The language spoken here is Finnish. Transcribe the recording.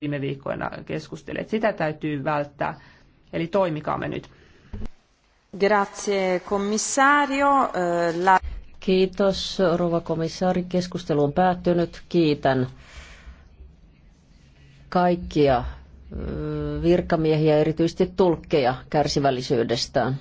viime viikkoina keskustelleet. Sitä täytyy välttää, eli toimikaamme nyt. Grazie, commissario. Eh, la... Kiitos, rouva komissaari. Keskustelu on päättynyt. Kiitän kaikkia eh, virkamiehiä, erityisesti tulkkeja kärsivällisyydestään.